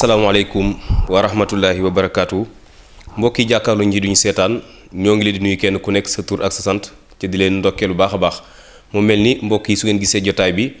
asalaamaaleykum wa rahmatullahi wa barakaatu mbokki jàkkaarloo nji duñu seetaan ñoo ngi leen di nuy kenn ku nekk sa tur ak sa sant ci di leen ndokkee lu baax a baax mu mel ni mbokk yi su ngeen gisee jotaay bi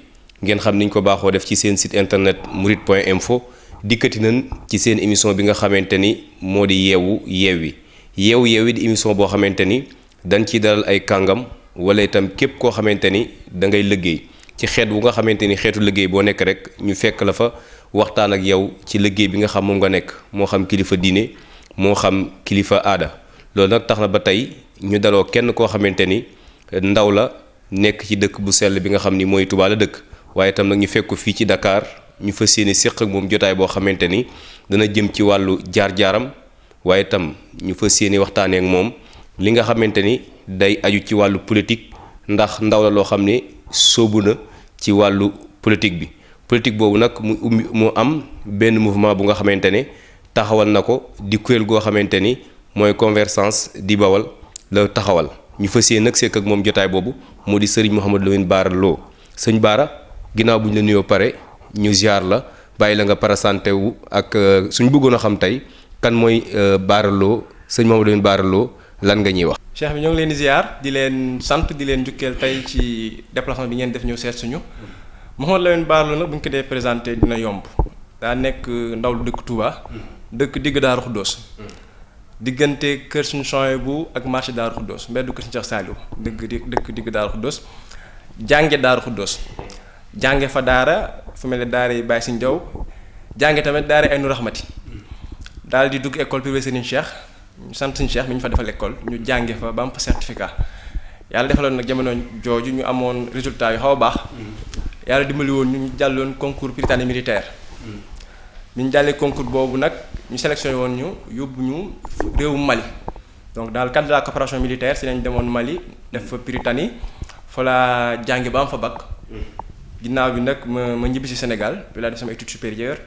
ngeen xam niñ ko baaxoo def ci seen site internet murit point info dikkati nañ ci seen émission bi nga xamante ni moo di yeewu yeewi yeewu yeewi di émission boo xamante ni dañ ciy dalal ay kàngam wala itam képp koo xamante ni da ngay liggéey ci xeet bu nga xamante ni xeetu liggéey boo nekk rek ñu fekk la fa waxtaan ak yow ci liggéey bi nga xam moom nga nekk moo xam kilifa diine moo xam kilifa aada loolu nag tax na ba tey ñu daloo kenn koo xamante ni ndaw la nekk ci dëkk bu sell bi nga xam ni mooy Touba la dëkk waaye tam nag ñu fekk fii ci Dakar ñu fas yéene séq ak moom jotaay boo xamante ni dana jëm ci wàllu jaar-jaaram waaye tam ñu fas yéene waxtaanee ak moom li nga xamante ni day aju ci wàllu politique ndax ndaw la loo xam ne sóobu na ci wàllu politique bi Politik boobu nak mu am ben mouvement bu nga xamantene taxawal nako di kuel go xamantene moy convergence di bawal la taxawal ñu fassiyé nak sék ak mom jotaay bobu modi serigne mohammed lawine Lamine Bara Lo sëñ Bara ginaaw buñ la nuyo pare ñu ziar la bàyyi la nga parasanté wu ak euh, suñ bëggoon xam tay kan moy euh, Barlo Lo sëñ Mouhamadou Barlo Bara Lo lan nga ñi wax. cheikh bi ñoo ngi leen ziar di leen sante di leen jukkel tay ci déplacement bi def ñu sét suñu. Mouhamadou Lamine Bara na bu ñu ko dee présenté dina yomb daa nekk ndaw lu dëkk Touba. dëkk digg Daaru Xuddoos diggante kër suñ chony bu ak marché Daaru Xuddoos mbeddu kër suñu Cheikh Saliou dëkk di dëkk digg Daaru Xuddoos jànge Daaru Xuddoos jànge fa daara fu mel ne daara yi Baye Sëñ Jaw jànge tamit daara Aynu Rahmati daal di dugg école privée Serigne Cheikh ñu sant Serigne Cheikh mi ñu fa defal école ñu jànge fa ba am fa certificat yàlla defaloon nag jamono jooju ñu amoon résultat yu xaw a baax yàlla dimbali woon ñu jàlloon concours britannique militaire hmm. bi ñu jàllee concours boobu nag ñu sélectionné woon ñu yóbbu ñu réewu Mali donc dans le cadre de la coopération militaire si nañ demoon Mali def fa Prytanée fa la jàngi ba am fa bac hmm. ginnaaw bi nak ma ma ñibbi Sénégal bi laa def sama étude supérieure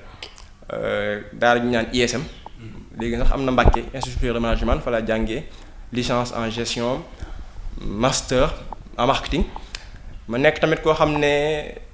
euh, daara ñu naan ISM hmm. légui sax amna na institut supérieur de management fa la jangé licence en gestion master en marketing ma nekk tamit ko xamné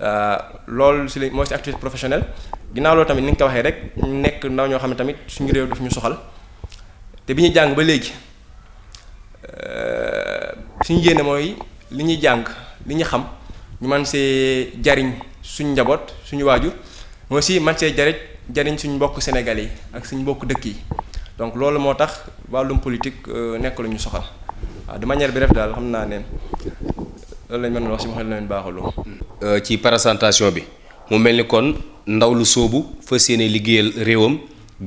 Euh, loolu si la mooy si activité professionnelle ginnaaw loolu tamit ni nga ko waxee rek nekk ndaw ñoo xam ne tamit suñu réew daf ñu soxal te bi jang jàng ba léegi euh, suñu yéene mooy li ñuy jàng li ñu xam ñu man see jariñ suñu njaboot suñu waajur mais aussi man see jariñ jariñ suñu mbokk Sénégal yi ak suñu mbokk dëkk yi donc loolu moo tax wàllum politique euh, nekk lu ñu soxal de manière bref daal xam naa ne loolu lañ man a wax si wax lañ baaxaloo. Euh, ci présentation bi mu mel ni kon ndaw lu soobu fas yéene liggéeyal réewam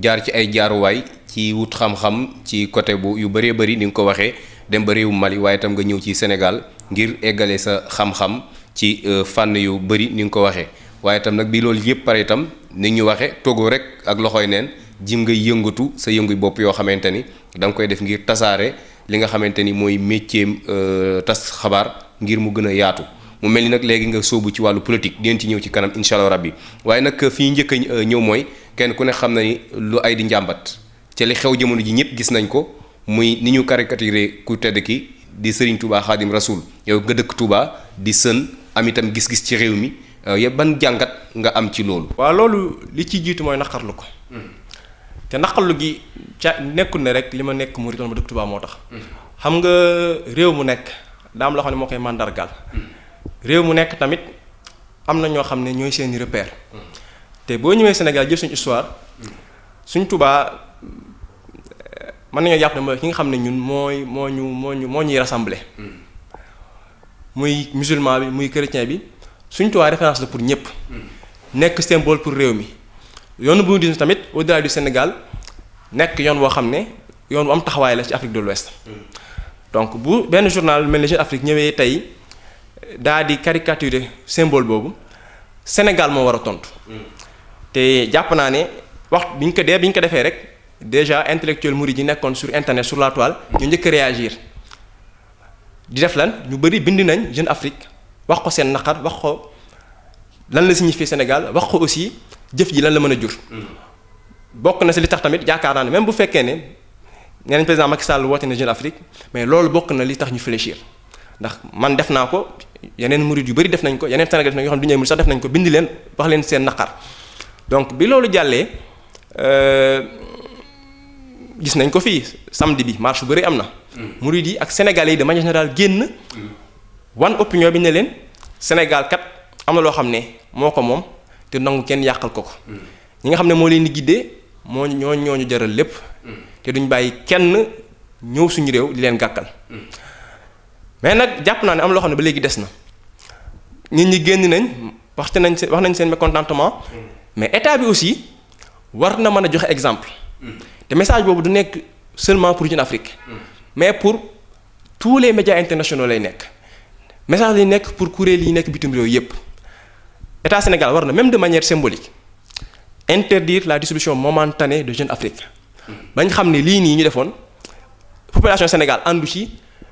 jaar ci ay jaaruwaay ci wut xam-xam ci côté bu yu bëree bari ni nga ko waxee dem ba Mali waaye itam nga ñëw ci Sénégal ngir eggale sa xam-xam ci euh, fànn yu bëri ni nga ko waxee waaye itam nag bi loolu yëpp pare itam ni ñu waxee toggoo rek ak loxooy neen jim nga yëngatu sa yëngu bopp yoo xamante ni da koy def ngir tasaare. li nga xamante ni mooy métier euh, tas xabaar ngir mu gën a yaatu mu mel ni nag léegi nga sóobu ci wàllu politique dinañ ci ñëw ci kanam incha allah rabbi waaye nag fii njëkk a euh, ñëw mooy kenn ku ne xam na ni lu ay di njàmbat ca li xew jamono ji ñëpp gis nañ ko muy ni ñu caricaturé ku tedd ki di Serigne Touba Khadim Rasoul yow nga dëkk Touba di sën am itam gis-gis ci réew mi euh, yëpp ban jàngat nga am ci loolu. waaw loolu li ci jiitu mooy naqarlu ko. Hmm. te naqalu gi ca ne rek lima nek nekk murid ma tuba Tuubaa tax xam nga rew mu nek daa am ne moo koy màndargal mu nek tamit amna ño xamne ñoy seen repère te bo ñewé Sénégal jëf suñu histoire suñ tuba man nañoo jàpp ne ki nga xamne ñun moy moñu moñu moñu rassemblé muy musulman bi muy chrétien bi suñ tuba référence pour ñëpp nek symbole pour rew mi yoonu bu ñu tamit au delà du Sénégal nekk yoon woo xam ne yoon bu am taxawaay la ci Afrique de l'Ouest donc bu benn journal mel ni Jeune Afrique ñëwee tey daa di caricaturer symbole boobu Sénégal moo war a tontu. te jàpp naa ne waxtu bi ñu ko dee bi ñu ko defee rek déjà intellectuel mouride yi nekkoon sur internet sur la toile ñu njëkk réagir di def lan ñu bëri bind nañ Jeune Afrique wax ko seen naqar wax ko lan la signifie Sénégal wax ko aussi jëf ji lan la mën a jur. bokk na si li tax tamit yaakaar ne même bu fekkee ne nee nañ président Macky Sall woote na Jeune Afrique mais loolu bokk na li tax ñu fléchir ndax man def naa ko yeneen murid yu bëri def nañ ko yeneen Sénégal def nañ ko yoo xam ne du ñu sax def nañ ko bind leen wax leen seen naqar donc bi loolu jàllee euh, gis nañ ko fii samedi bi marche bu bëri am na. murid yi ak sénégalais yi de manière générale génn. wan opinion bi ne leen Sénégal kat am na loo xam ne moo ko moom. te nangu kenn yàqal ko ko. Hmm. ñi nga xam ne moo leen di giddee moo ñooñu ñoo ñu jaral lépp. Hmm. te duñ bàyyi kenn ñëw suñu réew di leen gàkkal. Hmm. mais nag jàpp naa ne am loo xam ne ba léegi des na nit ñi génn nañ waxte nañ seen wax nañ seen mécontentement. mais état bi aussi war na mën a joxe exemple. te message boobu du nekk seulement pour Jeune Afrique. mais pour tous les médias internationaux lay nekk. message lay nekk pour kuréel yi nekk bitim réew yépp État Sénégal war même de manière symbolique interdire la distribution momentanée de jeunes Africains. bañ xam ne que nii ñu la population Sénégal àndu là,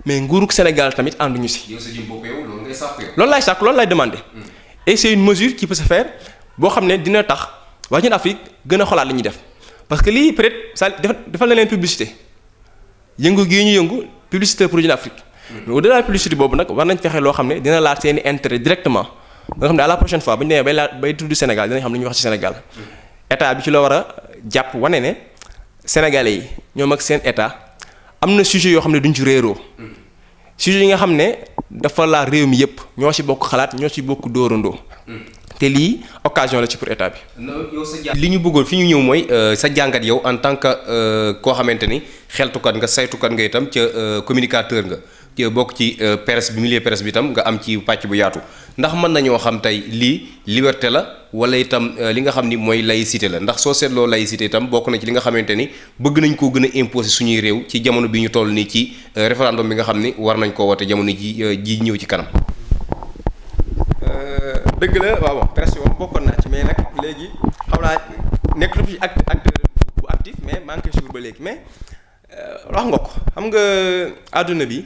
mais nguurug Sénégal tamit en si. loolu c'est ce que laay demandé. Hmm. et c'est une mesure qui peut se faire pour xam ne dina tax Jeunes Jeune Afrique gën a li ñuy def parce que lii peut-être ça defal na une publicité yëngu gii ñu yëngu publicité pour Jeune Afrique. Hmm. mais au-delà de publicité boobu nag war nañ fexe loo xam dina laal intérêt directement. nga xam ne à la prochaine fois bu ñu demee bay laa bay tudd Sénégal dinañ xam lu ñuy wax ci Sénégal état bi ci la war a jàpp wane ne sénégalais yi ñoom ak seen état am na sujet yoo xam ne duñ ci réeroo sujet yi nga xam ne dafa laa réew mi yëpp ñoo ci bokk xalaat ñoo ci bokk dóorandoo te lii occasion la ci pour état bi. li ñu bëggoon fi ñu ñëw mooy euh, sa jàngat yow en tant que euh, koo xamante ni xeltukat nga saytukat nga itam ca euh, communicateur nga. bokk ci euh, presse bi milieu presse bi itam nga am ci pàcc bu yaatu ndax mën nañoo xam tey lii liberté la wala itam euh, li nga xam ni mooy laïcité la ndax soo seetloo laïcité itam bokk na ci li nga xamante ni bëgg nañ koo gën a imposer suñuy réew ci jamono bi ñu toll nii ci euh, référendum bi nga xam ni war nañ ko woote jamono ji ji ñëw ci kanam. dëgg la waaw presse moom bokkoon ci mais nag léegi xam naa nekk fi act acteur bu actif mais manqué jour ba léegi mais wax nga ko xam nga àdduna bi.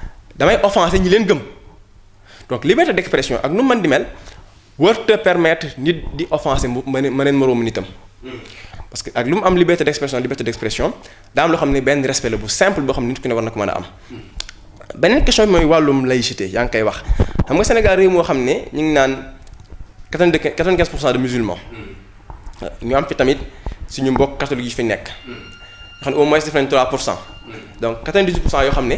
damay offensé ñi leen gëm donc liberté d'expression ak nu man di mel wërta permettre nit di offensé ma ne nitam parce que ak lu mu am liberté d'expression liberté d'expression daa am loo ne benn respect la bu simple bo xam ne nit ku ne war na ko mën a am beneen question bi mooy wàllum laïcité yaa ngi koy wax xam nga Sénégal réew moo xam ne ñu ngi naan 95 pour cent de musulmans ñu am fi tamit suñu mbokk catholique yi fi nekk xam au moins def nañ 3 pour cent donc 98 vingt dix pour cent yoo xam ne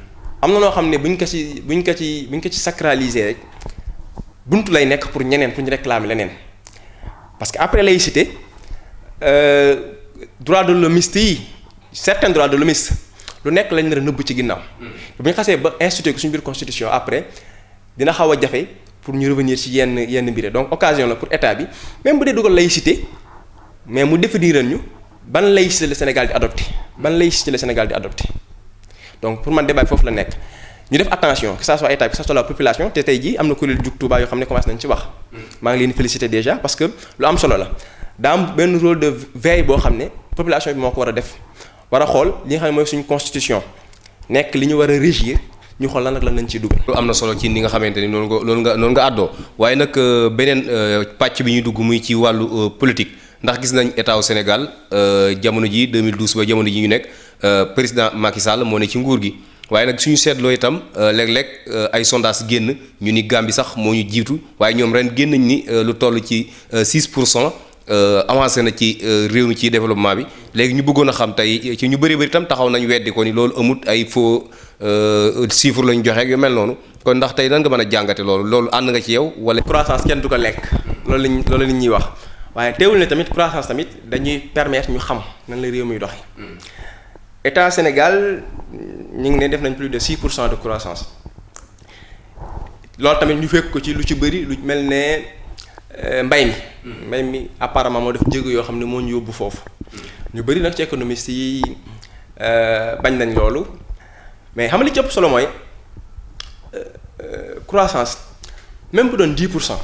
amna na xamné ne buñ ko ci buñ ko ci buñ ko ci sacraliser rek buntu lay nek pour ñeneen pour ñu réclamer lenen parce que après laïcité euh, droit de l'homiste yi certains droits de l'homiste lu nek lañ nar a ci ginnaw hmm. buñ xasse ba instituer ko suñu bir constitution après dina xawa a pour ñu revenir ci yenn yenn mbir donc occasion la pour état bi même bu dee dugal laïcité mais mu définir ñu ban laïcité le Sénégal di adopté ban laïcité le Sénégal di adopté donc pour man débat bi foofu la nekk ñu def attention que ça soit état que ça soit la population te tey jii am na kuréel jug Touba yo xam ne commencé nañ ci wax. Hmm. maa ngi leen féliciter déjà parce que lu am solo la daa am benn rôle de veille boo xam population bi moo ko war a def war a xool li nga xam ne mooy constitution Nek li ñu war a régir. ñu xool lan ak lan lañ ciy dugg. loolu am na solo ci ni nga xamante ni noonu nga noonu nga noonu nga àddoo waaye nag euh, beneen euh, pàcc bi ñuy dugg muy ci wàllu euh, politique ndax gis nañ état wu Sénégal jamono ji 2012 ba jamono ji ñu nekk. Euh, président Macky Sall moo ne ci nguur gi waaye nag suñu seetloo itam euh, léeg-léeg euh, ay sondage génn ñu ni Gambie sax moo ñu jiitu waaye ñoom ren génn nañ ni lu toll ci 6 pour cent avancé na ci réew mi ci développement bi léegi ñu bëggoon a xam tey ci ñu bëri bëri itam taxaw nañ weddi ko ni loolu amut ay faux chiffre la ñu joxe yu mel noonu kon ndax tey nan nga mën a jàngate loolu loolu ànd nga ci yow wala. croissance kenn du ko lekk loolu lañ loolu lañ ñuy wax waaye tamit croissance tamit dañuy permettre ñu xam nan la réew muy doxee. Hmm. état Sénégal ñu ngi ne def nañ plus de 6 de croissance loolu tamit ñu fekk ko ci lu ci bëri lu mel ne euh, mbay mi. Mm-hmm. mbay mi apparemment moo def jéego yoo xam ne moo ñu yóbbu foofu. Mm-hmm. ñu bëri nag ci économistes yi euh, bañ nañ loolu mais xam li ci ëpp solo mooy euh, croissance même bu doon 10 cent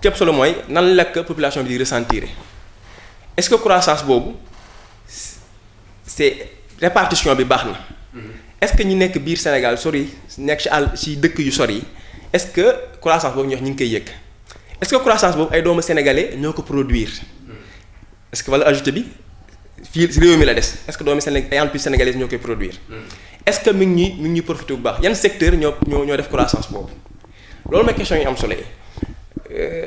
ci ëpp solo mooy nan la population bi di ressentir est-ce que croissance boobu c'est répartition bi baxna mhm. est-ce que ñi nek biir Sénégal sori nek ci àll ci dëkk yu sori est-ce que croissance boobu ñu wax ñu ngi koy yëg est-ce que croissance boobu ay doomu sénégalais ñoko produire mhm. est-ce que wala ajoutée bi fii réew mi la dess est-ce que doomu Sénégal ay plus sénégalais ñoo produire mhm. est-ce que mi ngi ñuy mi ngi profité bu baax yan secteur ñoo ñoo def croissance boobu loolu ma question yu am solo euh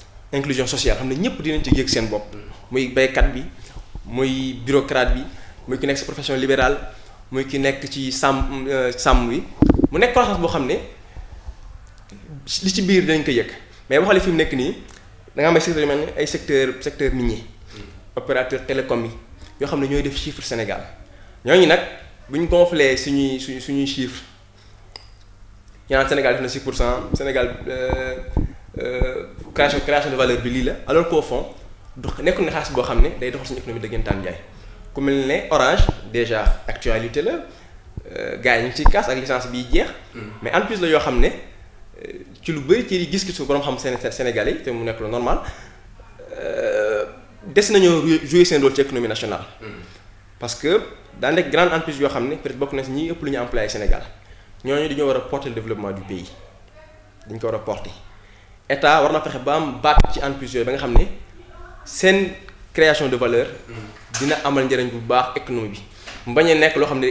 inclusion sociale xam ne ñëpp dinañ ci yëg seen bopp muy baykat bi muy bureaucrate bi muy ki nekk si profession libérale muy ki nekk ci sàmm euh, sàmm wi mu nekk croissance boo xam ne li ci biir dinañ ko yëg mais waxale fi mu nekk nii da nga am ay secteur yu mel ni ay secteur secteur nit ñi opérateur télécom yi yoo xam ne ñooy def chiffre Sénégal ñooñu nag bu ñu gonflee suñuy suñuy suñuy chiffre ñaan Sénégal def na 6 pour cent Sénégal euh, euh, création création de valeur bi lii la alors qu'au fond du nekkul ne xaalis boo xam ne day doxal suñu économie dëggantaan njaay ku mel ne Orange déjà actualité la euh, gars yi ñu ci ciy ak licence bi jeex. Mm. mais en plus la yoo xam ne euh, ci lu bëri ci gis su borom xam Séné Sénégal yi te mu nekk lu normal des nañoo jouer seen rôle ci économie nationale. Mm. parce que daan nekk grande entreprise yoo xam ne peut-être bokk na si ñi ëpp lu ñu employé Sénégal ñooñu dañoo war a porter le développement du pays dañ ko war a porter état war na fexe ba am baat ci entreprise yooyu ba nga xamné sen création de valeur dina amal njëriñ bu baax économie bi mbañ a lo xamné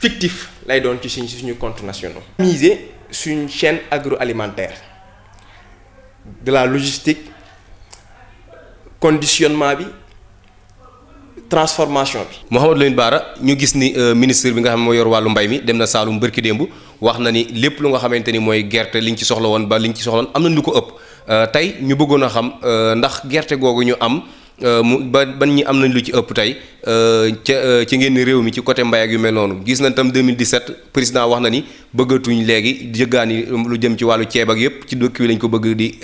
fictif lay doon ci suñ suñu compte nationaux miser une chaîne agroalimentaire de la logistique conditionnement bi transformation bi Mouhamadou Bara ñu gis ni euh, ministre bi nga xam mo yor walu mbay mi dem na Saalum bërki dembu wax na ni lepp lu nga xamanteni moy gerte liñ ci soxla won ba liñ ci soxla amna ñu ko ëpp euh, tay ñu bëggoon xam euh, ndax gerte gogu ñu am euh, mu ba ban ñi am nañ lu ci ëpp tay ca ci ngeen rew mi ci côté mbay ak yu mel nonu gis nañ tam 2017 président wax na ni bëggatuñ légui jëggaani lu jëm ci walu ceeb ak yépp ci dëkk wi lañ ko bëgg di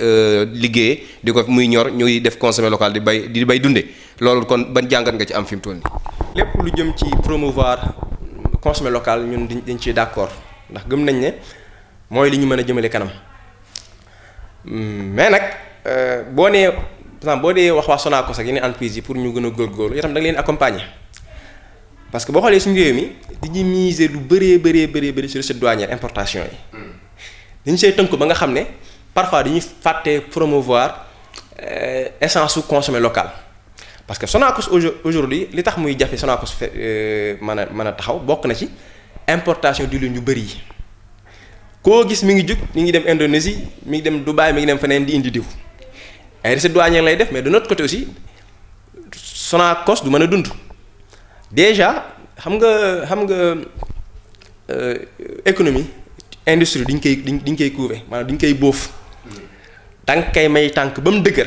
liggéey di ko muy ñor ñuy def consommer local di bay di bay dunde loolu kon ban jangat nga ci am fim mu toll lu jëm ci promouvoir consommer local ñun dañ ci d'accord ndax gëm nañ ne mooy li ñu mën a jëmale kanam mais nag euh, boo nee par boo dee wax waa Sonacos ak yeneen entreprise yi pour ñu gën a góorgóorlu tam da nga parce que boo xoolee su réew mi dañuy miser lu bëree bëree bëree bëri sur cette douanière importation yi dañu see tënk ba nga xam ne parfois dañuy fàtte promouvoir euh, essence su consommé local parce que Sonacos aujourd'hui li tax muy jafe Sonacos fe euh, mën a mën a taxaw bokk na ci importation d'huile ñu bari ko gis mi ngi juk mi ngi dem Indonesia, mi ngi dem Dubai, mi ngi dem fenen di indi diw ay recettes douane lay def mais de notre côté aussi cost du meuna dund déjà xam nga xam nga euh, économie industrie dañ kay dañ kay couver manam kay boof. tank hmm. kay may tank bam deuguer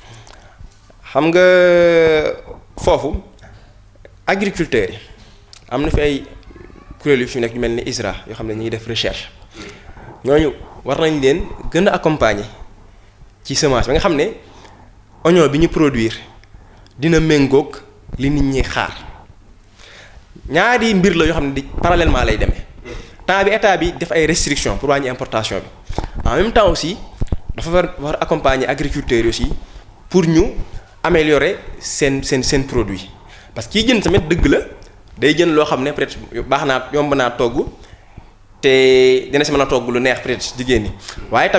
xam nga foofu agriculteur yi am na fi ay kuréel yu fi nekk ñu mel ni ISRA yoo xam ne ñu ngi def recherche ñooñu war nañ leen gën a accompagner ci semence ba nga xam ne oignon bi ñu produire dina méngóog li nit ñi xaar ñaari mbir la yoo xam ne di parallèlement lay demee temps bi état bi def ay restrictions pour wàññi importation bi en même temps aussi dafa war war accompagner agriculteurs aussi pour ñu améliorer ses sen sen parce que y a tamit semaine la day des gens leur ne yomb te dina si mën a lu neex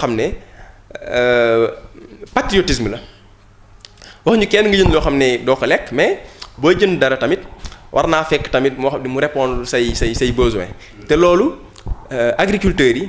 tamit euh, patriotisme la wax ñu kenn nga jënd lo xamné do ko mais ils jënd dara tamit war tamit répondre say say say besoin te euh agriculteurs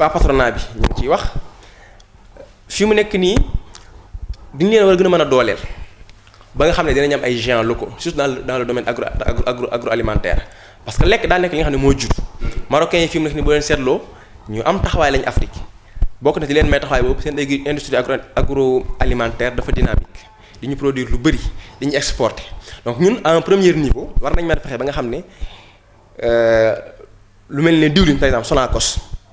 waa patronat bi ñu ci wax fi mu nekk nii dañu leen war a gën a mën a dooleel ba nga xam ne dinañ am ay géants locaux surtout dans le dans le domaine agro agro agro agroalimentaire parce que lekk daa nekk li nga xam ne moo jur. marocains yi fi mu nekk nii boo leen seetloo ñu am taxawaay lañ Afrique bokk na di leen may taxawaay boobu seen léegi industrie agro agroalimentaire dafa dynamique di ñu produire lu bëri di ñu exporter donc ñun à un premier niveau war nañ mën a fexe ba nga xam ne euh, lu mel ne diwlin par exemple Sonacos.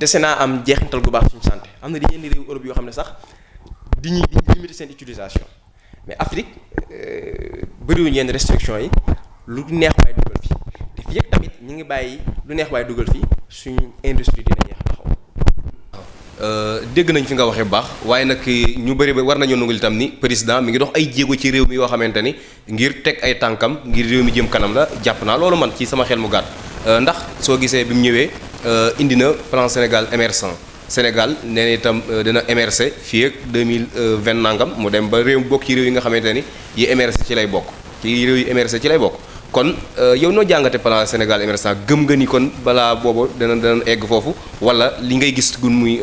dese naa am jeexintal gu baax suñu santé am na di yenn réew Europe yoo xam ne sax di ñuy limiter seen utilisation mais Afrique euh, bëriwuñu yenn restriction yi lu neex waaye dugal fi te fii yëpp tamit ñu ngi bàyyi lu neex waaye dugal fi suñ industrie dina ñeex taxaw. Euh, dégg nañ fi nga waxee bu baax waaye nag ñu bëri ba war nañoo nungul itam ni président mi ngi dox ay jéego ci réew mi yoo xamante ni ngir teg ay tànkam ngir réew mi jëm kanam la jàpp naa loolu man ci sama xel mu gàtt euh, ndax soo gisee bi mu ñëwee. Euh, indi na plan Sénégal émergent Sénégal nee na itam euh, dina émerger fi ak deux mille euh, nangam mu dem ba réew bokk yi réew yi nga xamante ni yi émerger ci lay bokk ci réew yi émerger ci lay bokk. kon yow noo jàngate plan Sénégal émergent gëm nga ni kon balaa booba dana dana egg foofu wala li ngay gis gun muy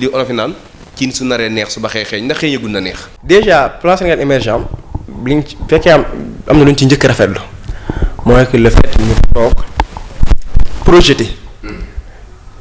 li olofi naan ci su naree neex su baxee xeeñ ndax xëy na neex. déjà plan Sénégal émergent li ñu fekkee am am na luñ ci njëkk rafetlu mooy que le fait ñu toog projeté.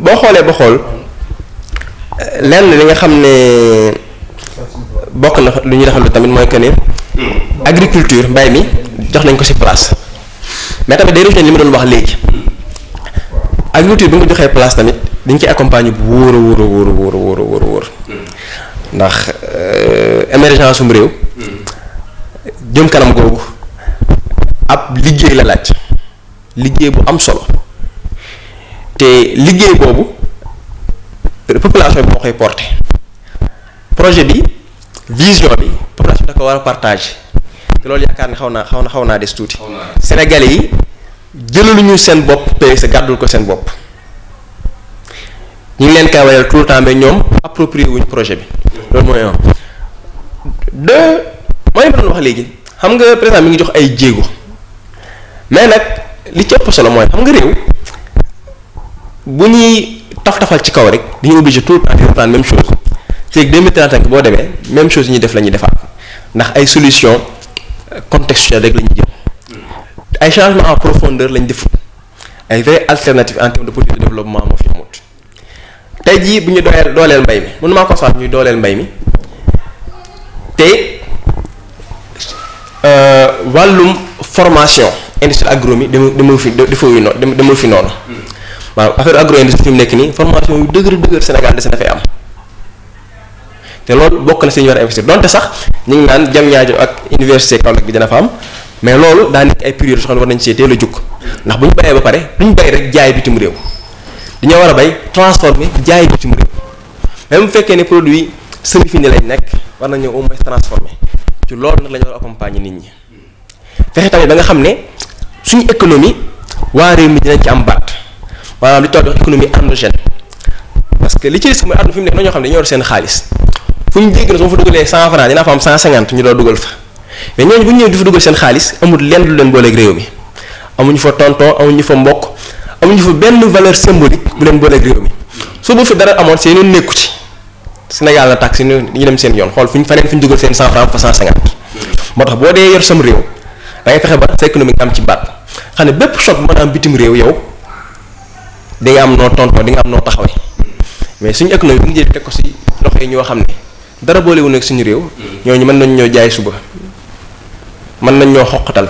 boo xoolee ba xool lenn li nga xam ne bokk na lu ñuy taxal tamit mooy que ni agriculture mbay mi jox nañ ko si place mais tamit day rejoindre li ma doon wax léegi agriculture bi nga joxee place tamit dañ ci accompagner bu wóor a wóor a wóor a wóor a wóor a wóor ndax euh, émergence sum réew jëm kanam googu ab liggéey la laaj liggéey bu am solo. te liggéey boobu population bi moo koy porté projet bi vision bi population da ko war a partage te loolu yaakaar ne xaw naa xaw na xaw naa des tuuti. Sénégalais yi jëlalu ñu seen bopp pay sa gàddul ko seen bopp ñu leen koy wayal tout le temps mais ñoom approprié wuñ projet bi loolu mooy un deux mooy li ma doon wax léegi xam nga mi ngi jox ay jéego mais nag li ci solo mooy xam nga réew. bu ñuy taf tafal ci kaw rek dañuy obligé tout le temps di reprendre même chose ci 2035 boo demee même chose yi ñuy def la ñuy defaat ndax ay solution euh, contextuelle rek la ñuy ay changement en profondeur lañ def ay vraies alternatives en termes de politique de développement moo fi amut tey jii bu ñu dooleel dooleel mbay mi mënu maa ko sax ñuy dooleel mbay mi te euh, wàllum formation industrie agronomie dama dama fi dama fi noonu. maanaam affaire agro industrie fi mu nekk nii formation yu dëgër dëgër Sénégal des fay am te loolu bokk na si ñu war a investir donte sax ñu ngi naan jam ñaajo ak université Kaolack bi dina fa am mais loolu daa nekk ay période soo war nañ see teel a jukk ndax bu ñu bayee ba pare duñ bay rek jaay bitim réew dañoo war a bay transformer jaay bitim réew même bu fekkee ne produit semi fini lañ nekk war nañu au moins transformer ci loolu nag la ñu war a accompagner nit ñi fexe tamit ba nga xam ne suñu économie waa réew mi dinañ ci am baat. voilà li de l'économie parce que li ci risque mooy àdduna fi xam ne dañoo seen xaalis fu ñu dégg fa dugalee cent francs dinaa fa am cent ñu doon dugal fa mais ñooñu bu ñu ñëwee di fa dugal seen xaalis amul leen booleeg réew amuñu fa tonton amuñu fa mbokk amuñu fa benn valeur symbolique bu leen booleeg réew mi bu fi dara amoon seen ci Sénégal la tax dem seen yoon xool fu ñu fu ñu francs, fa sam da ba day am no tontoo di nga am no taxawé mais suñu économie bu ñu jël tek ko ci loxé yi ñoo xam ne dara wuñu ak suñu réew ñoo ñu mën nañ ñoo jaay suba mën nañ ñoo xoqatal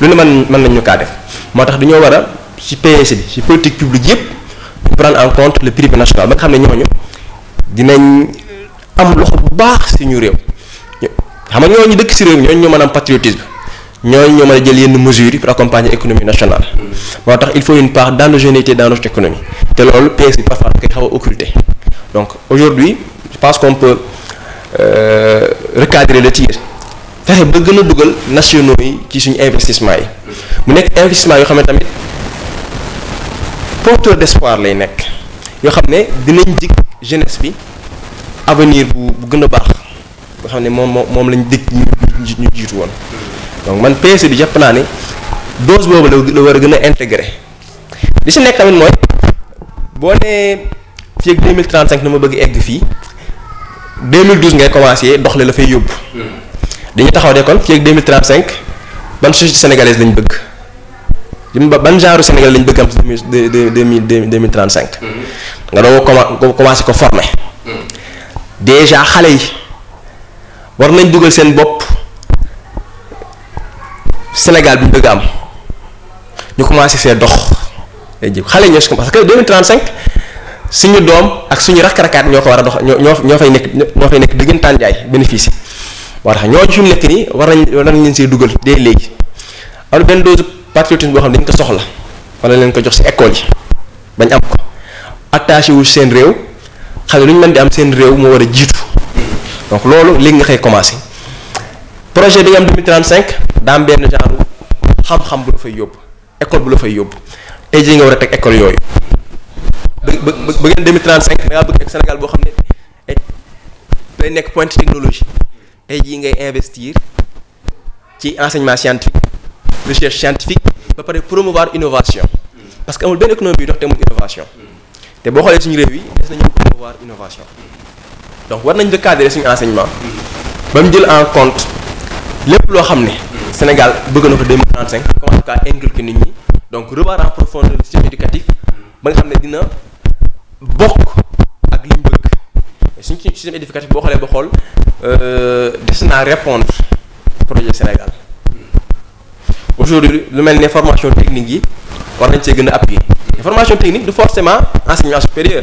lu ne man mën nañ ñu ka def motax dañu wara ci PSC bi ci politique publique yépp prendre en compte le privé national ba nga xamné ne ñooñu dinañ am loxo bu baax suñu réew xam nga ñu dëkk ci réew ñoo ñu am patriotisme nous avons des jël yenn mesures pour accompagner l'économie nationale. moo il faut une part dans d'endogénéité dans notre économie te le PS bi parfois da koy xaw occulter donc aujourd'hui je pense qu'on peut euh, recadrer le tir Faire ba gën de nationaux qui sont investissements. Mais yi mu nekk investissement yoo tamit porteur d'espoir lay nekk yoo xam ne dinañ dig jeunesse bi avenir bu bu gën a baax ne lañ dig ñu donc man PSE bi jàpp naa ni dose boobu la war a gën a intégré li si nekk tamit mooy boo nee fii ak 2035 na ma bëgg egg fii 2012 ngay commencé doxle la fay yóbbu dañuy taxaw de kon fii ak 2035 ban société sénégalaise lañ bëgg jëm ba ban genre Sénégal lañ bëgg am si deux mille deux mille trente cinq. nga doog a commencé ko former. Hmm. déjà xale yi war nañ dugal seen bopp. Sénégal bi ñu bëgg am ñu commencé see dox day jëm xale ñoo si parce que 2035 suñu doom ak suñu rakk-rakkaat ñoo ko war a dox ñoo ñoo fay nekk ñoo fay nekk dëggantaan jaay bénéfice moo tax ñoo suñu nekk nii war nañ war nañ leen see dugal dee léegi am na benn dose patriotisme boo xam ne dañ ko soxla walla leen ko jox si école yi bañ am ko attaché wu seen réew xale lu ñu mën di am seen réew moo war a jiitu donc loolu léegi nga xëy commencé. projet de 2035 dans ben genre xam-xam bu la fay yóbbu école bu la fay yóbbu tey jii nga wara tek école yoy ba ba ngeen 2035 da ngaa bëgg ak Sénégal bo xamné ne nek point technologie tay ji ngay investir ci enseignement scientifique recherche scientifique ba pare promouvoir innovation parce que amul benn économie bi dox te amul innovation te bo xolé suñu réew yi des nañu promouvoir innovation donc war nañ recadrer suñu enseignement ba jël en compte lépp lo xam ne Sénégal bëgg na ko 2035 commencé kaa inculquer nit ñi donc revoir en profondeur le système éducatif ba nga xam dina bokk ak li ñu bëgg suñu système éducatif boo xoolee ba xool euh, des naa répondre projet Sénégal aujourd'hui lu mel formation technique yi war nañ cee gën formation technique du forcément enseignement supérieur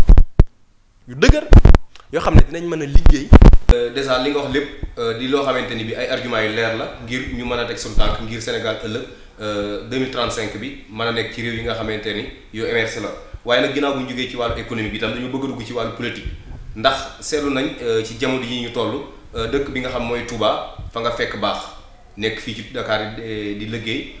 yu dëgër yoo xam ne dinañ mën a liggéey. Euh, déjà li nga wax lépp euh, di loo xamante ni bi ay arguments yu leer la ngir ñu mën a teg suñu tànk ngir Sénégal ëllëg 2035 euh, bi mën a nekk ci réew yi nga xamante ni yu émergé la waaye nag ginnaaw bu ñu jógee ci wàllu économie bi itam dañu bëgg a dugg ci wàllu politique ndax seetlu nañ ci jamono yi ñu toll dëkk bi nga xam mooy Touba fa nga fekk baax nekk fii ci Dakar di liggéey.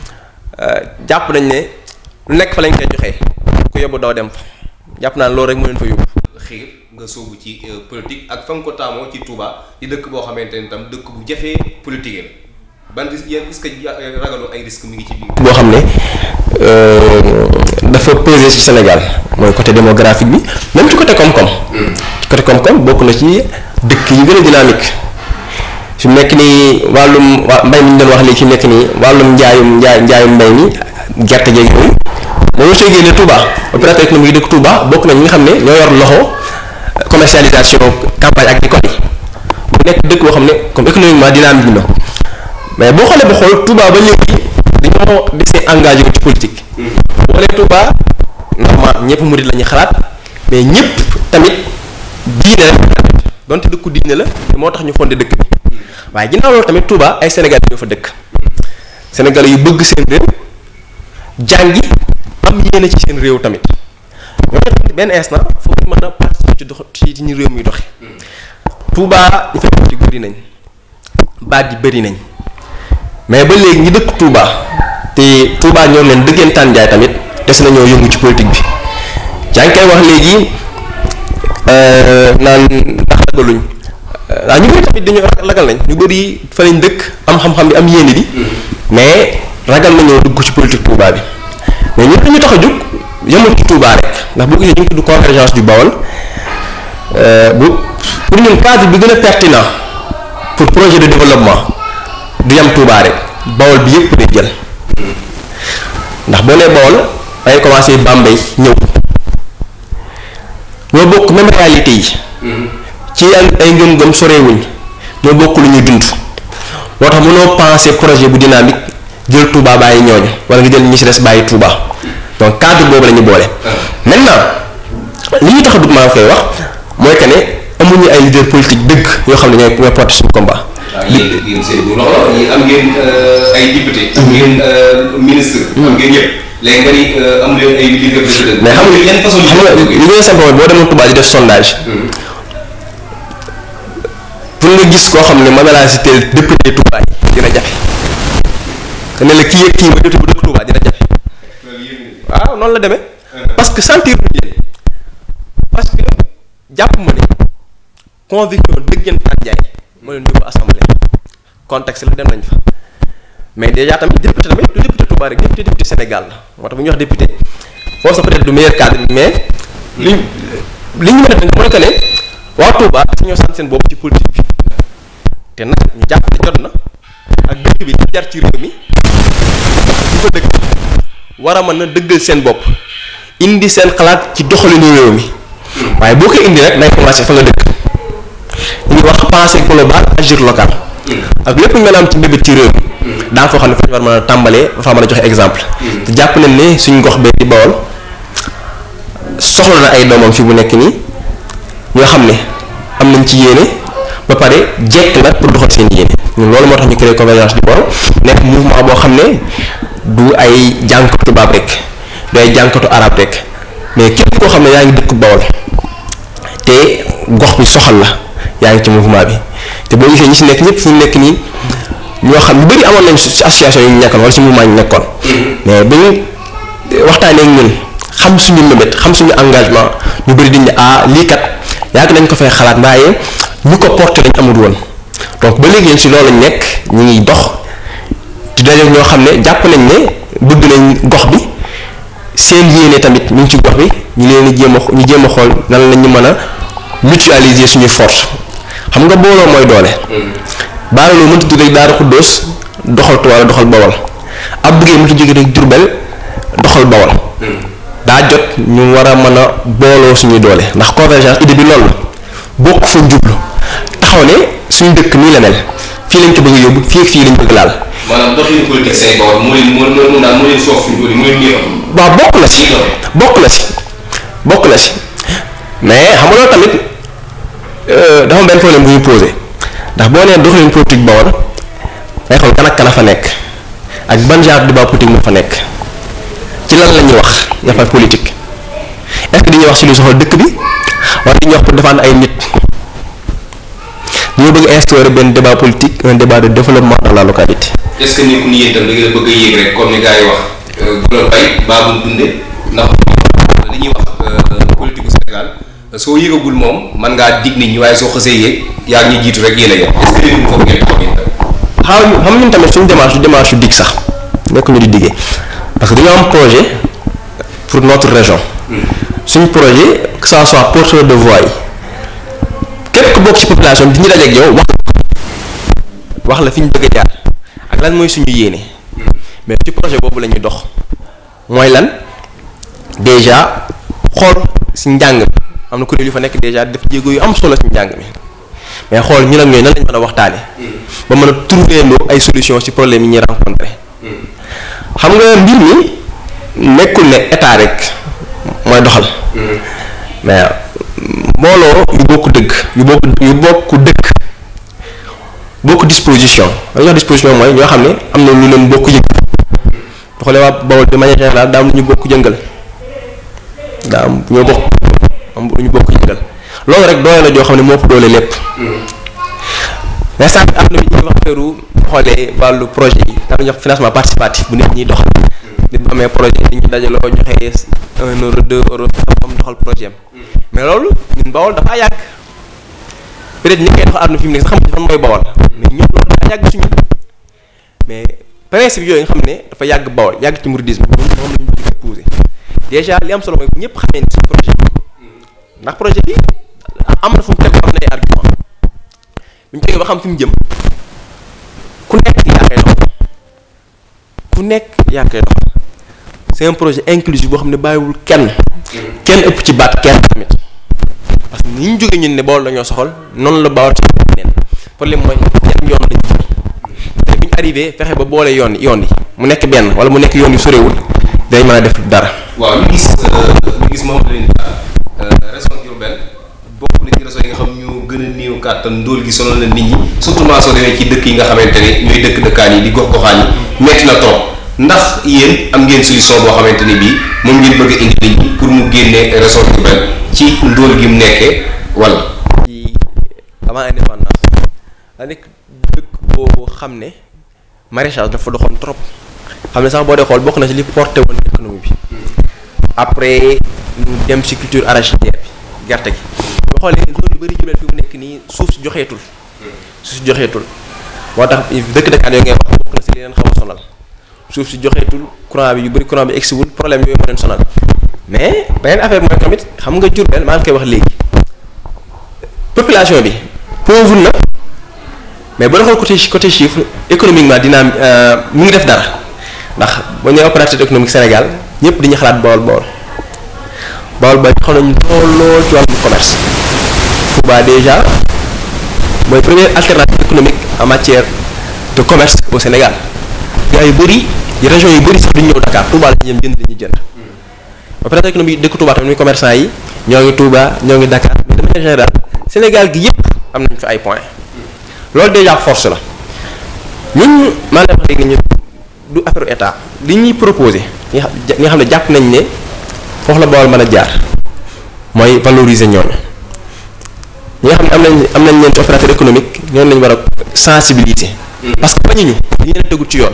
Euh, jàpp nañ ne lu nekk fa lañ koy joxee ku yóbbu doo dem jàpp naa loolu rek mu leen fa yóbbu. xiir nga sóobu ci euh, politique ak fa ko taamoo ci Touba di dëkk boo xamante ne tam dëkk bu jafee politique la ban risque yéen est-ce que euh, mi ngi ci biir. boo xam ne dafa peser ci Sénégal mooy côté démographique bi même ci côté koom-koom. ci mm. côté koom-koom bokk na ci dëkk yi gën a dynamique. fi mu nekk nii wàllum mbay mi ñu doon wax léegi fi mu nekk nii njaayum njaay njaayum mbay mi gerte jeeg yooyu loolu sooy génne Touba opérateur économique yi dëkk Touba bokk na ñi nga xam ne ñoo yor loxo commercialisation campagne agricole yi bu nekk dëkk boo xam ne comme ma dina am dina mais boo xoolee ba xool Touba ba léegi dañoo desee engagé wu ci politique. Mm-hmm. boo nee Touba normalement ñëpp mu la ñuy xalaat mais ñëpp tamit diine la donte dëkku diine la moo tax ñu fondé dëkk bi. waaye ginnaaw loolu tamit Touba ay Sénégalais ñoo fa dëkk Sénégalais yu bëgg seen réew jàngi am yéene ci seen réew tamit ñooñu tamit benn foofu mën a participer ci dox ci réew muy doxe Touba ñu nañ baat yi bëri nañ mais ba léegi ñi dëkk Touba te Touba ñoom leen dëggantaan tànjaay tamit des nañoo yëngu ci politique bi yaa ngi koy wax léegi euh, naan ndax ragaluñ waaw ñu bëri tamit dañu ragal nañ ñu bëri fa lañ dëkk am xam-xam bi am yéene di mm-hmm. mais ragal nañoo dugg ci politique Touba bi mais ñun dañu tax a jóg yemul ci ndax bu gisee ñu ngi tudd convergence du Bawol euh, bu pour ñun cadre bi gën a pertinent pour projet de développement du yem Touba rek Bawol bi yëpp lay jël ndax boo nee Bawol da ngay commencé Bambey ñëw ñoo bokk même yi. Mm-hmm. ci ay ngëm-ngëm sorewuñ ñoo bokk lu ñuy dund moo tax mënoo penser projet bu dynamique jël Touba bàyyi ñooñu wala nga jël ñi ci des bàyyi Touba donc cadre boobu la ñu boole. maintenant li ñu tax a dugg wax mooy que ne amuñu ay leader politique dëgg yoo xam ne ñooy ñooy porter suñu combat. Ah, am ngeen euh, ay député. am mhm. euh, am mhm. ngeen ñëpp. léegi euh, boo demoon Touba di def sondage. Mhm. mën nga gis koo xam ne mën na laa citer député Touba yi dina jafe ne la kii ak kii ma jote bu dëkk Touba dina jafe waaw ah, noonu la demee parce que sentir nañu parce que jàpp ma ne conviction dëggantaan jaay moo leen yóbbu assemblée contexte la dem nañ fa mais déjà tamit député tamit du député Touba député député Sénégal la moo tax bu ñuy wax député force peut être du meilleur cadre mais li li ñu mën a tënk mooy que ne waa Touba dañoo sant seen bopp ci politique te nag ñu jàpp ne jot na ak dëkk bi di jar ci réew mi ñu ko dëkk war a man a dëggal seen bopp indi seen xalaat ci doxalinu réew mi waaye boo koy indi rek day commencé fa nga dëkk ñu wax penser global agir local ak lépp ñu mën ci mbébét ci réew mi daa foo xam ne fa ñu war mën a tàmbalee fa mën a joxe exemple te jàpp nañ ne suñ gox bee di Bawol soxla na ay doomam fi bu nekk nii ñoo xam ne am nañ ci yéene ba pare jekk la pour doxal seen yéene ñun loolu moo tax ñu créé convergence du Baol nekk mouvement boo xam ne du ay jànkatu tubaab rek du ay jànkatu arab rek mais képp koo xam ne yaa ngi dëkk Baol te gox bi soxal la yaa ngi ci mouvement bi te boo gisee ñi si nekk ñëpp fu nekk nii ñoo xam lu bëri amoon nañ ci association yi ñu nekkoon wala si mu yi ñu nekkoon mais ba ñu waxtaanee ak ñun xam suñu mébét xam suñu engagement ñu bëri di ne ah lii kat nañ ko xalaat waaye ñu ko porté lañ amul woon donc ba léegi lool loolu nekk ñu ngi dox di daje ñoo xam ne jàpp nañ ne bëgg nañ gox bi seen yéene tamit ñu ngi ci gox bi ñu leen di jéem ñu jéem xool nan la ñu mën a mutualiser suñuy force xam nga booloo mooy doole. Mm. baara loo mënut a jóge rek Daaru Xuddoos doxal Tuubaa doxal Bawol ab bëggee mënut a jóge rek doxal Bawol. Mm. daa jot ñu war a mën a booloo suñuy doole ndax convergence idée bi loolu bokk fa njublu. taxaw ne suñu dëkk nii la mel fii lañ ko bëgg a yóbbu fii ak fii lañ bëgg laal. maanaam doxalin politique moo leen moo leen waaw bokk na si bokk na si bokk na si mais xam nga loolu tamit euh, dafa am benn problème bu ñu posé ndax boo nee doxalin politique Bawol day xool kan ak fa nekk ak ban genre débat politique moo fa nekk ci lan la ñuy wax dafa politique est-ce que dañuy wax si lu soxal dëkk bi wala dañuy wax pour défendre ay nit. ñoo bëgg instaurer benn débat politique un débat de développement dans localité. est-ce que nekkul yéen itam da bëgg a yéeg rek comme ni gars wax. Euh, bu euh, bu Sénégal soo yëgagul moom mën ngaa dig nit waaye soo xasee yéeg yaa ngi jiitu rek yéen a yem est-ce que nekkul xaaral ñu xam ñun tamit suñu démarche démarche dig sax nekk ñu di diggee parce que dañoo am projet pour notre région. Hmm. suñu projet que ça soit porteur de voix yi képp ku bokk ci population di ñu dajeeg yow wax wax la fi ñu bëgg a jaar ak lan mooy suñu yéene mais ci projet boobu la ñuy dox mooy lan déjà xool si njàng mi am na ku kuréel lu fa nekk déjà def jéego yu am solo si njàng mi mais xool ñu la ñooy nan lañ mën a waxtaane ba mën a trouver ay solution ci problème yi ñuy rencontré xam nga mbir mi nekkul ne état rek mooy doxal mais mbooloo yu bokk dëkk yu bokk yu bokk dëkk bokk disposition la nga disposition mooy ñoo xam ne am na lu leen bokk yëngal boo xoolee waa Bawol ñu bokk yëngal am ñoo bokk am ñu bokk yëngal loolu rek doole la joo xam ne moo ëpp doole lépp. mais sànq am na bi ñuy wax xoolee wàllu projet yi daal di financement participatif bu nit ñuy dox. nit bu amee projet dañuy dajaloo joxe un euro deux euro am doxal projet mais loolu ñun bawol dafaa yàgg peut être ñi koy dox àdduna fi nekk sax xam mais ñun loolu dafaa yàgg suñu ne dafa yàgg bawol yàgg ci mouridisme ñun moom lañu bëgg poser déjà solo ñëpp xamee ne projet ndax projet am na fu mu teg na ay argument bu ñu tegee ba xam nekk yaa koy dox ku nekk yaa dox c'est un projet inclusif boo xam ne bàyyiwul kenn kenn ëpp ci baat kenn tamit parce que ni ñu jógee ñun ne Bawol lañoo ñoo soxal noonu la Bawol soxal neen problème mooy yan fexe ba boole yoon yoon yi mu nekk benn wala mu nekk yoon yu sorewul day mën a dara. waaw ñu euh, leen euh, région Diourbel bokk na ci nga xam ñu gën a néew kàttan ndóol nit ñi surtout soo demee ci dëkk yi nga xamante ne ñooy dëkk dëkkaan yi di gox goxaan yi métti na trop. ndax yéen am ngeen solution boo xamante ni bii moom ngeen bëgg a indi nit ñi pour mu génnee réseau Diourbel ci ndóol gi mu nekkee wala. ci avant indépendance da boo xam ne maraîchage dafa doxoon trop xam ne sax boo dee xool bokk na ci li porté woon économie bi après ñu dem ci culture arachidière bi gerte gi. boo xoolee zone yu bari Diourbel fi mu nekk nii suuf si joxeetul. Hmm. suuf si joxeetul moo tax dëkk Dakar yooyu ngay wax bokk na ci li leen xaw a suuf si joxeetul courant bi yu bëri courant bi egsiwul problème yooyu moo leen sonal mais beneen affaire mooy tamit xam nga Diourbel maa ngi koy wax léegi population bi pauvre na mais boo xool côté côté chiffre économiquement dinaa euh, mi ngi def dara ndax ba ñooy opérateur économique Sénégal ñëpp dañuy xalaat Bawol Bawol Bawol Bawol xam nañu lool lool ci commerce Touba déjà mooy première alternative économique en matière de commerce au Sénégal. gars yu bëri région yu bëri sax duñ ñëw Dakar Touba la ñuy jënd dañuy jënd. opérateur économique dëkk Touba tamit muy commerçant yi ñoo ngi Touba ñoo ngi Dakar mais de manière générale Sénégal gi yëpp am nañ fa ay points. loolu déjà force la ñun maanaam léegi ñu du affaire état li ñuy proposé ñi nga jàpp nañ ne foofu la Bawol mën a jaar mooy valoriser ñooñu ñi xam ne am nañ am nañ leen opérateur économique ñooñu lañ war a sensibiliser. Hmm. parce que bañuñu ñu dañu leen ci yoon.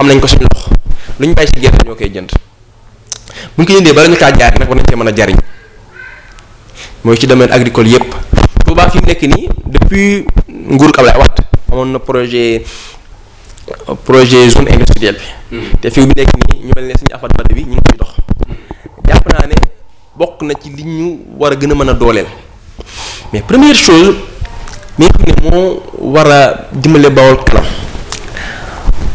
am nañ ko si loxo lu ñu bàyyi si gerte ñoo koy jënd mu ñu ko jëndee bala ñu kaa jaay nag war nañ cee mën a jariñ mooy ci domaine agricole yépp Touba fi mu nekk nii depuis nguurug Abdoulaye Wade amoon na projet projet zone industrielle bi mm-hmm. te fi mu nekk nii ñu mel ne suñu afat bi ñu ngi ciy dox mm-hmm. jàpp naa ne bokk na ci li ñu war a gën a mën a dooleel mais première chose mi xam ne moo war a dimbale Bawol kanam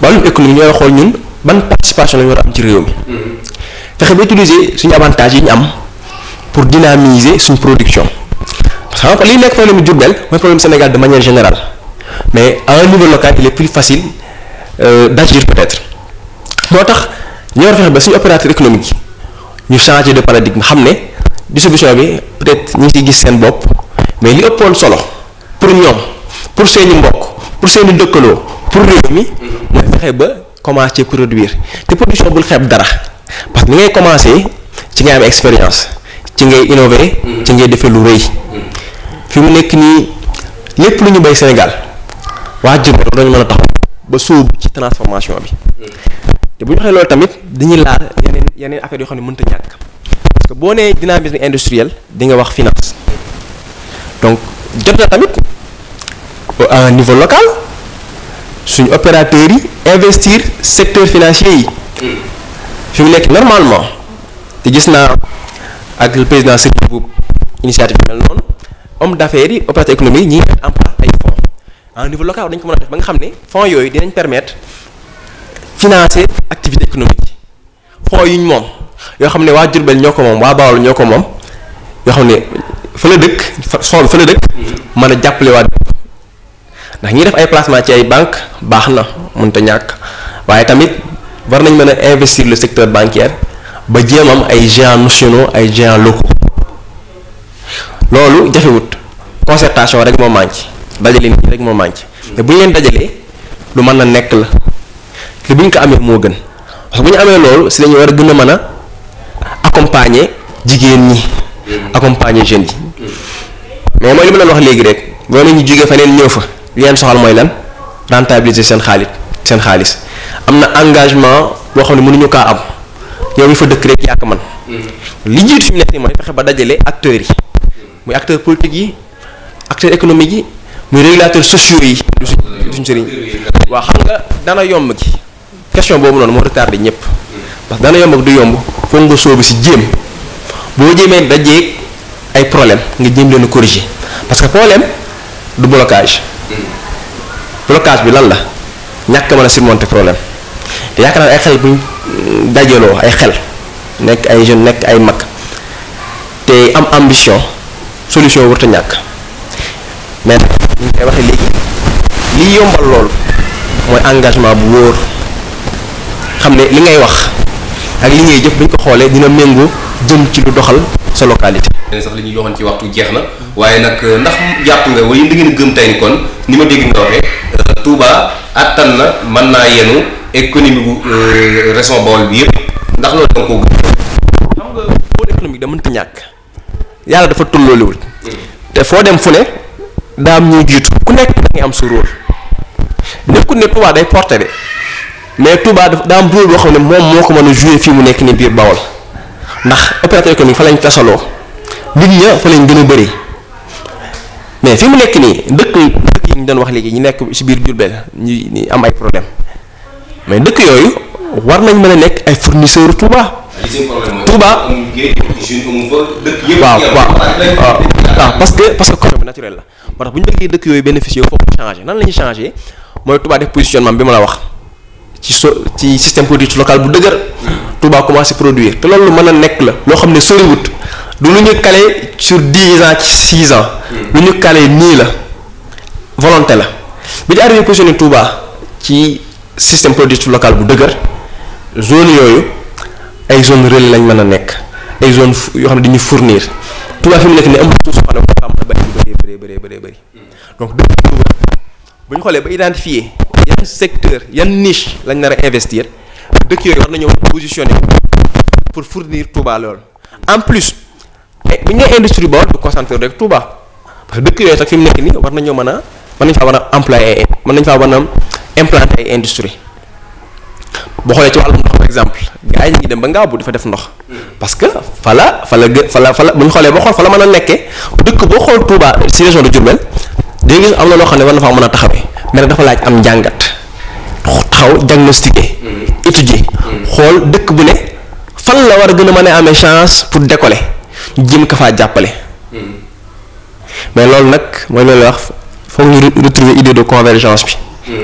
wàllum économie ñooy xol ñun ban participation la ñu am ci réew mi. fexe ba utiliser suñu avantage yi ñu am pour dynamiser son production. parce que li nga nekk problème djubbel moy problème Sénégal de manière générale mais à un niveau local il est plus facile euh, d'agir peut-être moo ñu war a ba suñu opérateur économique ñu changer de paradigme xamné que distribution bi peut-être ñi ci gis seen bopp mais li ëppoon solo pour ñom pour seeni mbokk. pour seen dëkkaloo pour réew mi mhm. mooy fexe ba commencé produire te production bul xeeb dara parce que ni ngay commencé ci ngay am expérience ci ngay innover mhm. ci ngay defee lu rëy mhm. fi mu nekk nii lépp lu ñu bay Sénégal waa Diourbel ñu mën a taxaw ba sóobu ci transformation bi te bu ñu waxee loolu tamit dañuy laal yeneen yeneen affaire yoo xam ne mënta ñàkk parce que boo nee dynamisme industriel di nga wax finance donc jot tamit à un niveau local sur opérateurs investir secteur financier je me dis normalement te gis naa ak le président Serigne Boub initiative mel homme d'affaires opérateur économique ni mettre en place ay fonds à un niveau local on ko a def ba nga xam fonds yooyu dinañ permettre financer activité économique fonds une moom Yo xamné ne waa Diourbel ñoo ko moom waa Bawol ñoo ko moom yoo xam ne fa la dëkk fa la dëkk ndax ñiy def ay placement ci ay banque baax na mënta ñàkk waaye tamit war nañ mën a investir le secteur bancaire ba jéem am ay géants nationaux ay géants locaux loolu jafewut concertation rek moo manqué dajale nit ñi rek moo manqué te bu ñu leen dajalee lu mën na nekk la te ko amee moo gën parce que bu ñu amee loolu si la ñu war a gën a mën a accompagner jigéen ñi accompagner jeunes yi mm. mais mooy li ma leen wax léegi rek loolu ñu jógee feneen ñëw fa. li leen soxal mooy lan rentabiliser seen xaalis seen xaalis am na engagement boo xam ne mënuñu kaa am yow mi fa dëkk rek yaa man hmm. li jiitu fi mu nekk nii mooy fexe ba dajale acteurs yi muy acteurs politiques yi acteurs économiques yi muy régulateurs sociaux yi du suñ sëriñ waaw xam nga dana yomb gi question boobu noonu moo retardé ñëpp parce que dana yomb ak du yomb foog nga soobu si jéem boo jéemee dajeeg ay problème nga jéem leen corriger parce que problème du blocage blocage bi lan la ñàkk mën a surmonter problème te yaakaar naa ay xel buñ dajaloo ay xel nekk ay jeune nekk ay mag te am ambition solution warut a ñàkk mais nag ñu ngi koy waxee léegi liy yombal loolu mooy engagement bu wóor xam ne li ngay wax ak li ngay jëf buñ ko xoolee dina méngoo jëm ci lu doxal sa localité. sax li ñu waxoon ci waxtu jeex na waaye nag euh, ndax jàpp nga wala yéen da ngeen gëm tey ni kon ni ma dégg nga waxee euh, Touba attan na man naa yenu économie bu euh, région Bawol bi yëpp ndax loolu da nga koo gëm. xam mënta ñàkk yàlla dafa tulloolewul te foo dem fu ne daam ñuy jiitu ku nekk da ngay am sa rôle nekkul ne Touba day porte de mais tubaa dafa daam am rôle boo xam ne moom moo ko mën a joué fii mu nekk nii biir Bawol. ndax opérateur économique fa lañ tassalo nit ñi ya fa lañ gëna bëri mais fi mu nekk ni dëkk dëkk yi ñu doon wax léegi ñu nekk ci biir jurbel ñu am ay problème mais dëkk yooyu war nañ mën a nekk ay fournisseur touba touba waaw waaw waaw ah, ah, parce que parce que côté naturel la moo tax bu ñu dëkkee dëkk yooyu bénéficier foofu changer nan lañu ñuy changer mooy touba def positionnement bi ma la wax ci so ci système productif local bu dëgër. Touba commencé produire te loolu mën a nekk la. loo xam ne soriwut du lu ñu calé sur dix ans ci six ans. Hmm. lu ñu calé nii la volonté la bi di arrivé positionné Touba ci système productif local bu dëgër zone yooyu ay zone relais lañ mën a nekk ay zone yoo xam ne dañuy fournir Touba fi mu nekk nii amul suuf soo xam ne war a am bëri hmm. donc buñ xolé ba identifier yeen secteur yeen niche lañ nar a investir dëkk yoy war nañoo positionner pour fournir Touba lool en plus eh, bu ñu industrie boo du concentrer rek Touba parce que dëkk yoy sax fi mu nekk nii war nañoo mën a mën nañ fa war a employé mën nañ fa war implanter ay industrie bu xolé ci walu ndox par exemple gars yi ñu dem ba ngaaw bu dafa def ndox parce que fala fala fala fala bu ñu xoolee boo fala mëna a nekkee dëkk boo xool Touba ci région de Diourbel dañuy gis am na loo xam ne war na faa mën a mais dafa laaj am njàngat taxaw diagnostiquer mm-hmm. étudier mm-hmm. xool dëkk bu ne fan la war a gën a mën a amee chance pour décoller jëm ka faa jàppale. Mm-hmm. mais loolu nag mooy loolu wax foog ñu retrouver idée de convergence bi.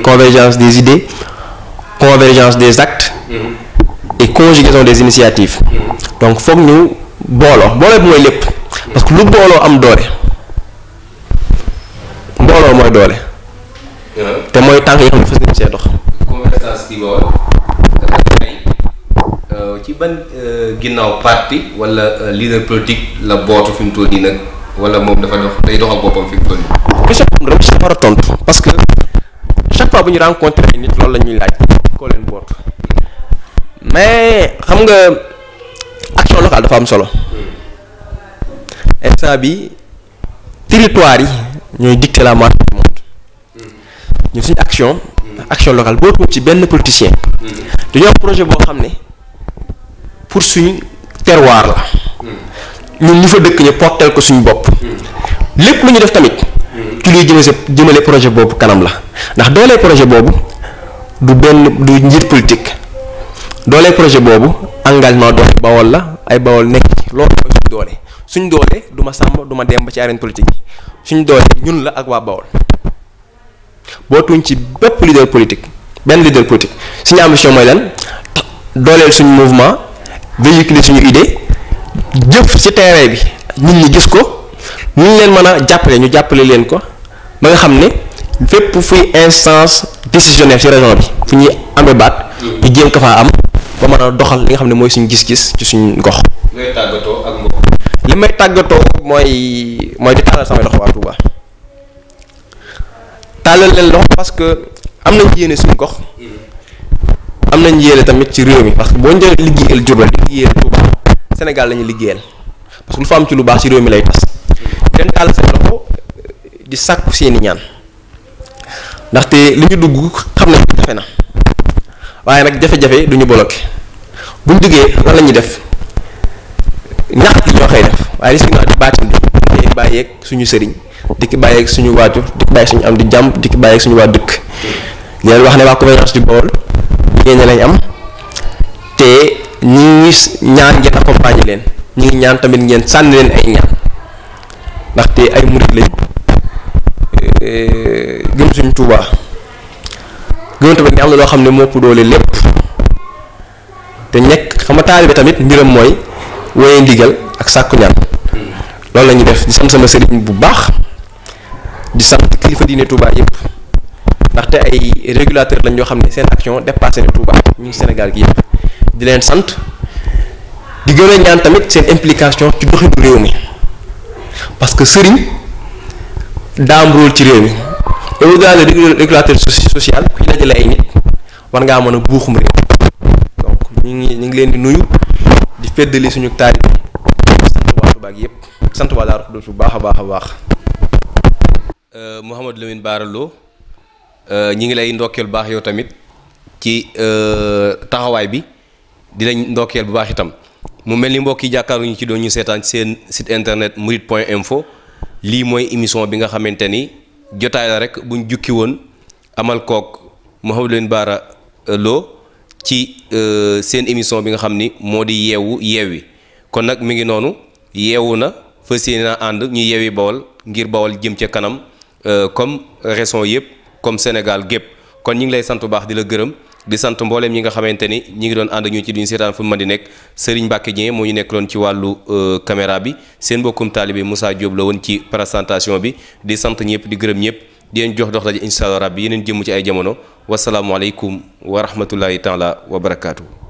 convergence des idées convergence des actes. et conjugaison des initiatives. donc foog ñu booloo booloo bi mooy lépp. parce que lu booloo am doré. mbooloo mooy doole. te mooy tànk yoo xam ne fas yéene see dox. Euh, ci ban euh, ginnaaw parti wala euh, leader politique la bootu fi mu toll nii nag wala moom dafa dox day dox ak boppam fi toll nii. question si war tontu parce que chaque fois bu ñu rencontré nit loolu la ñuy laaj koo leen boot mais xam nga action locale dafa am solo. Hmm. instant bi territoire yi. nous dicter la marche du monde mm. action action locale Nous de ci politiciens. politicien mm. avons un projet pour terroir la mm. ñun nous fa dëkk ñu ko bopp lu ñu def tamit ci les projet Bob. la projet du bien du politique projet engagement suñ doole duma ma sàmm du ma dem ba ci arène politique bi suñ doole ñun la ak waa Bawol boo tuñ ci bépp leader politique benn leader politique suñu ambition mooy lan dooleel suñu mouvement véhiculer suñu idée jëf ci terrain bi nit ñi gis ko ñu leen mën a jàppale ñu jàppale leen ko ba nga xam ne fépp fuy instance décisionnaire ci région bi fu ñuy amee baat ñu jéem faa am ba mën a doxal li nga xam ne mooy suñu gis-gis ci suñu gox. li may tàggatoo mooy mooy di tàllal samay loxo waa Touba tàllal leen loxo parce que am nañ yéene suñ gox am nañ yéene tamit ci réew mi parce que boo ñu doon liggéeyal Diourbel liggéeyal Touba Sénégal la ñu liggéeyal parce que lu fa am ci lu baax ci réew mi lay tas leen tàllal seen loxo di sàkku seeni ñaan ndaxte li ñu dugg xam nañ jafe na waaye nag jafe-jafe du ñu bloqué bu ñu duggee lan la ñuy def. ñaxati ñoo koy def waaye li si di baatin di suñu sëriñ di ki suñu waajur di ki suñu am di jàmm di ki suñu waa dëkk di leen wax ne waa Convergence du Baol yéen lañ am te ñi ngi ñaan ngeen accompagner leen ñi ngi ñaan tamit ngeen sànni leen ay ñaan ndaxte ay murit lañ eh, gëm suñu Tuubaa gëm tamit ne am na loo xam ne moo ëpp doole lépp te nekk xam nga taalibe tamit mbiram mooy. wooyee ndigal ak sàkku ñaan loolu la ñuy def di sant sama sëriñ bu baax di sant kilifa diine Touba yëpp ndaxte ay régulateur lañ yoo xam ne seen action dépassé na Touba ñu ngi Sénégal gi yëpp di leen sant di gën a ñaan tamit seen implication ci doxinu réew mi parce que sëriñ daamrul ci réew mi loolu daal régulateur social kuy dajale ay nit war ngaa mën a buuxum réew donc ñu ngi ñu ngi leen di nuyu di feddali suñu tari sant wa Touba gi yëpp sant wa Daaru Xudoos bu baax a baax a baax euh, Lamine Bara euh ñi ngi lay ndokkel baax yow tamit ci euh, taxaway bi di lañ ndokkel bu baax itam mu melni mbokk yi jakkaru ñu ci do ñu sétan ci sen site internet murit point info émission bi nga xamanteni ni la rek buñ jukki won amal kok Muhammad Lamine Bara euh, ci euh, seen émission bi nga xam ni moo di yeewu yeewi kon nag mi ngi noonu yeewu na fas yéene naa ànd ñu yeewi bawal ngir bawal jëm ca kanam euh, comme région yëpp comme Sénégal gépp kon ñu ngi lay sant bu baax di la gërëm di sant mbooleem ñi nga xamante ni ñi ngi doon ànd ñu ci duñu seetaan fu mu di nekk Serigne Mbacke Dieng moo ñu nekk loon ci wàllu euh, caméra bi seen mbokkum taalibe Moussa Diop la woon ci présentation bi di sant ñëpp di gërëm ñëpp di leen jox dox daje incha allah rabbi yeneen jëmm ci ay jamono wasalaamualeykum wa rahmatullahi taala wa barakaatu.